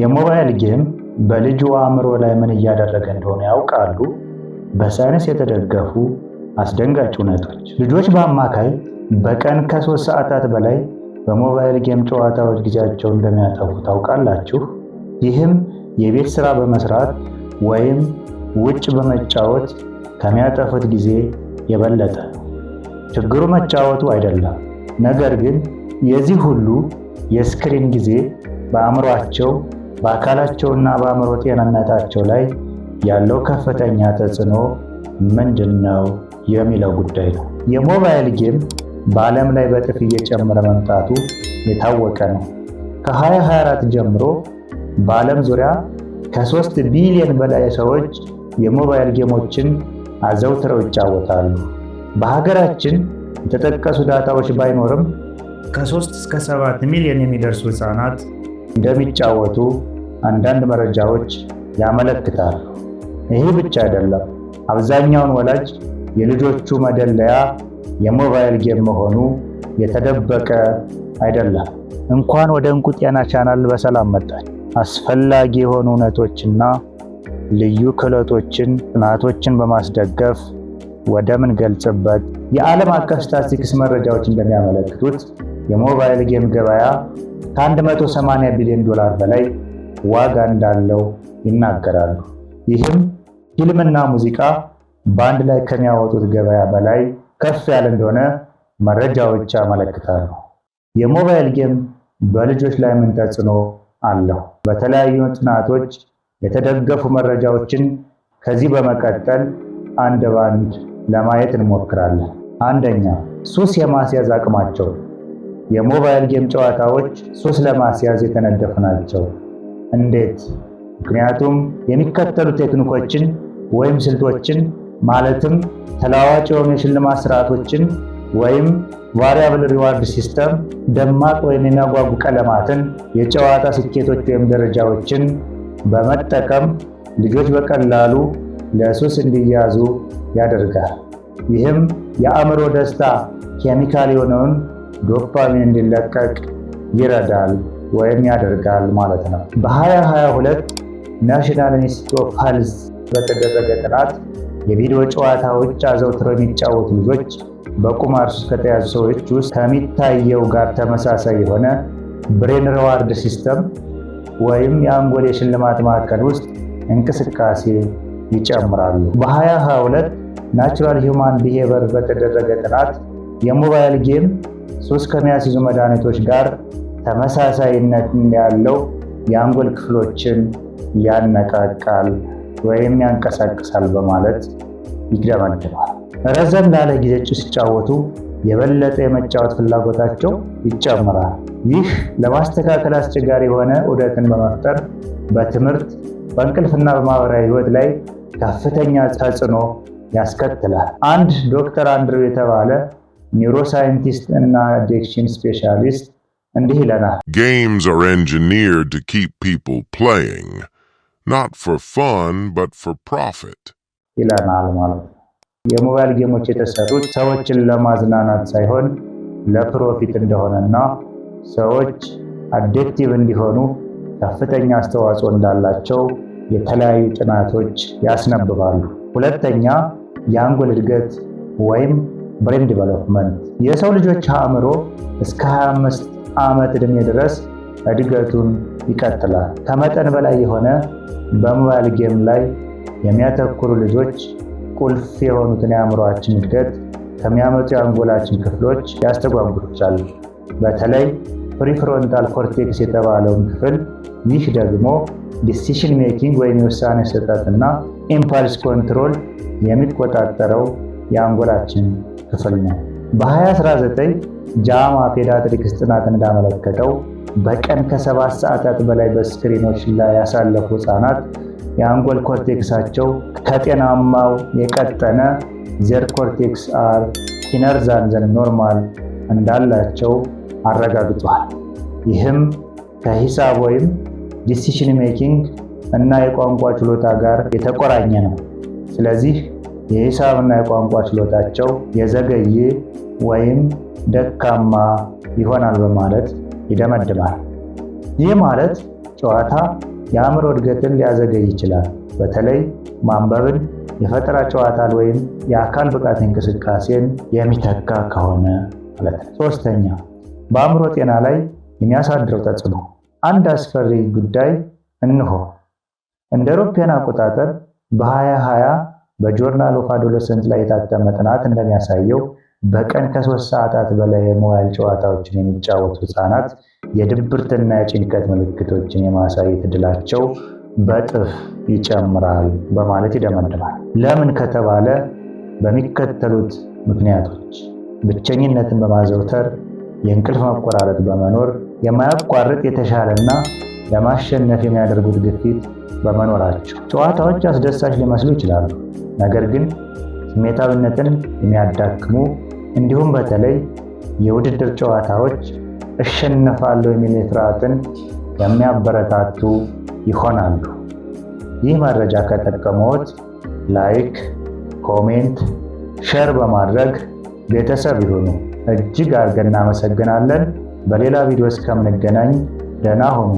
የሞባይል ጌም በልጅ አእምሮ ላይ ምን እያደረገ እንደሆነ ያውቃሉ? በሳይንስ የተደገፉ አስደንጋጭ እውነቶች። ልጆች በአማካይ በቀን ከሶስት ሰዓታት በላይ በሞባይል ጌም ጨዋታዎች ጊዜያቸውን እንደሚያጠፉ ታውቃላችሁ? ይህም የቤት ሥራ በመስራት ወይም ውጭ በመጫወት ከሚያጠፉት ጊዜ የበለጠ ችግሩ መጫወቱ አይደለም፣ ነገር ግን የዚህ ሁሉ የስክሪን ጊዜ በአእምሯቸው በአካላቸውና በአእምሮ ጤንነታቸው ላይ ያለው ከፍተኛ ተጽዕኖ ምንድን ነው የሚለው ጉዳይ ነው። የሞባይል ጌም በዓለም ላይ በጥፍ እየጨመረ መምጣቱ የታወቀ ነው። ከ2024 ጀምሮ በዓለም ዙሪያ ከ3 ቢሊዮን በላይ ሰዎች የሞባይል ጌሞችን አዘውትረው ይጫወታሉ። በሀገራችን የተጠቀሱ ዳታዎች ባይኖርም ከ3 እስከ 7 ሚሊዮን የሚደርሱ ህፃናት እንደሚጫወቱ አንዳንድ መረጃዎች ያመለክታሉ። ይህ ብቻ አይደለም፤ አብዛኛውን ወላጅ የልጆቹ መደለያ የሞባይል ጌም መሆኑ የተደበቀ አይደለም። እንኳን ወደ እንቁ ጤና ቻናል በሰላም መጣች። አስፈላጊ የሆኑ እውነቶችና ልዩ ክህሎቶችን ጥናቶችን በማስደገፍ ወደ ምን ገልጽበት የዓለም አቀፍ ስታቲስቲክስ መረጃዎች እንደሚያመለክቱት የሞባይል ጌም ገበያ ከ180 ቢሊዮን ዶላር በላይ ዋጋ እንዳለው ይናገራሉ። ይህም ፊልምና ሙዚቃ በአንድ ላይ ከሚያወጡት ገበያ በላይ ከፍ ያለ እንደሆነ መረጃዎች ያመለክታሉ። የሞባይል ጌም በልጆች ላይ ምን ተጽዕኖ አለው? በተለያዩ ጥናቶች የተደገፉ መረጃዎችን ከዚህ በመቀጠል አንድ ባንድ ለማየት እንሞክራለን። አንደኛ፣ ሱስ የማስያዝ አቅማቸው። የሞባይል ጌም ጨዋታዎች ሱስ ለማስያዝ የተነደፉ ናቸው። እንዴት? ምክንያቱም የሚከተሉ ቴክኒኮችን ወይም ስልቶችን ማለትም ተለዋዋጭ የሆኑ የሽልማት ስርዓቶችን ወይም ቫሪያብል ሪዋርድ ሲስተም፣ ደማቅ ወይም የሚያጓጉ ቀለማትን፣ የጨዋታ ስኬቶች ወይም ደረጃዎችን በመጠቀም ልጆች በቀላሉ ለሱስ እንዲያዙ ያደርጋል። ይህም የአእምሮ ደስታ ኬሚካል የሆነውን ዶፓሚን እንዲለቀቅ ይረዳል ወይም ያደርጋል ማለት ነው። በ2022 ናሽናል ኢንስቲትዩት ኦፍ ሄልዝ በተደረገ ጥናት የቪዲዮ ጨዋታዎች አዘውትረው የሚጫወቱ ልጆች በቁማር ሱስ ከተያዙ ሰዎች ውስጥ ከሚታየው ጋር ተመሳሳይ የሆነ ብሬን ሪዋርድ ሲስተም ወይም የአንጎል የሽልማት ማዕከል ውስጥ እንቅስቃሴ ይጨምራሉ። በ2022 ናቹራል ሂውማን ቢሄቨር በተደረገ ጥናት የሞባይል ጌም ሱስ ከሚያስይዙ መድኃኒቶች ጋር ተመሳሳይነት ያለው የአንጎል ክፍሎችን ያነቃቃል ወይም ያንቀሳቅሳል በማለት ይደመድማል። ረዘም ላለ ጊዜዎች ሲጫወቱ የበለጠ የመጫወት ፍላጎታቸው ይጨምራል። ይህ ለማስተካከል አስቸጋሪ የሆነ ዑደትን በመፍጠር በትምህርት በእንቅልፍና በማህበራዊ ህይወት ላይ ከፍተኛ ተጽዕኖ ያስከትላል። አንድ ዶክተር አንድሩ የተባለ ኒውሮሳይንቲስት እና አዲክሽን ስፔሻሊስት Games are engineered to keep people playing, not for fun, but for profit. ይለናል ማለት ነው። የሞባይል ጌሞች የተሰሩት ሰዎችን ለማዝናናት ሳይሆን ለፕሮፊት እንደሆነና ሰዎች አዴክቲቭ እንዲሆኑ ከፍተኛ አስተዋጽኦ እንዳላቸው የተለያዩ ጥናቶች ያስነብባሉ። ሁለተኛ የአንጎል እድገት ወይም ብሬን ዲቨሎፕመንት የሰው ልጆች አእምሮ እስከ 25 ዓመት ዕድሜ ድረስ እድገቱን ይቀጥላል። ከመጠን በላይ የሆነ በሞባይል ጌም ላይ የሚያተኩሩ ልጆች ቁልፍ የሆኑትን የአእምሯችን እድገት ከሚያመጡ የአንጎላችን ክፍሎች ያስተጓጉሉታል። በተለይ ፕሪፍሮንታል ኮርቴክስ የተባለውን ክፍል። ይህ ደግሞ ዲሲሽን ሜኪንግ ወይም የውሳኔ ስጠትና ኢምፓልስ ኮንትሮል የሚቆጣጠረው የአንጎላችን ክፍል ነው። በ2019 ጃማ ፔዳትሪክስ ጥናት እንዳመለከተው በቀን ከሰባት ሰዓታት በላይ በስክሪኖች ላይ ያሳለፉ ህፃናት የአንጎል ኮርቴክሳቸው ከጤናማው የቀጠነ ዘር ኮርቴክስ አር ኪነርዛንዘን ኖርማል እንዳላቸው አረጋግጧል። ይህም ከሂሳብ ወይም ዲሲሽን ሜኪንግ እና የቋንቋ ችሎታ ጋር የተቆራኘ ነው። ስለዚህ የሂሳብና የቋንቋ ችሎታቸው የዘገየ ወይም ደካማ ይሆናል በማለት ይደመድማል። ይህ ማለት ጨዋታ የአእምሮ እድገትን ሊያዘገይ ይችላል። በተለይ ማንበብን፣ የፈጠራ ጨዋታን ወይም የአካል ብቃት እንቅስቃሴን የሚተካ ከሆነ ማለት ነው። ሶስተኛ በአእምሮ ጤና ላይ የሚያሳድረው ተጽዕኖ አንድ አስፈሪ ጉዳይ እንሆ እንደ አውሮፓውያን አቆጣጠር በ2020 በጆርናል ኦፍ አዶለሰንት ላይ የታተመ ጥናት እንደሚያሳየው በቀን ከሶስት ሰዓታት በላይ የሞባይል ጨዋታዎችን የሚጫወቱ ህፃናት የድብርትና የጭንቀት ምልክቶችን የማሳየት እድላቸው በጥፍ ይጨምራል በማለት ይደመድማል። ለምን ከተባለ በሚከተሉት ምክንያቶች ብቸኝነትን በማዘውተር፣ የእንቅልፍ መቆራረጥ በመኖር፣ የማያቋርጥ የተሻለና ለማሸነፍ የሚያደርጉት ግፊት በመኖራቸው። ጨዋታዎች አስደሳች ሊመስሉ ይችላሉ፣ ነገር ግን ስሜታዊነትን የሚያዳክሙ እንዲሁም በተለይ የውድድር ጨዋታዎች እሸነፋለሁ የሚል ፍርሃትን የሚያበረታቱ ይሆናሉ። ይህ መረጃ ከጠቀመዎት ላይክ፣ ኮሜንት፣ ሸር በማድረግ ቤተሰብ ይሁኑ። እጅግ አድርገን እናመሰግናለን። በሌላ ቪዲዮ እስከምንገናኝ ደህና ሁኑ።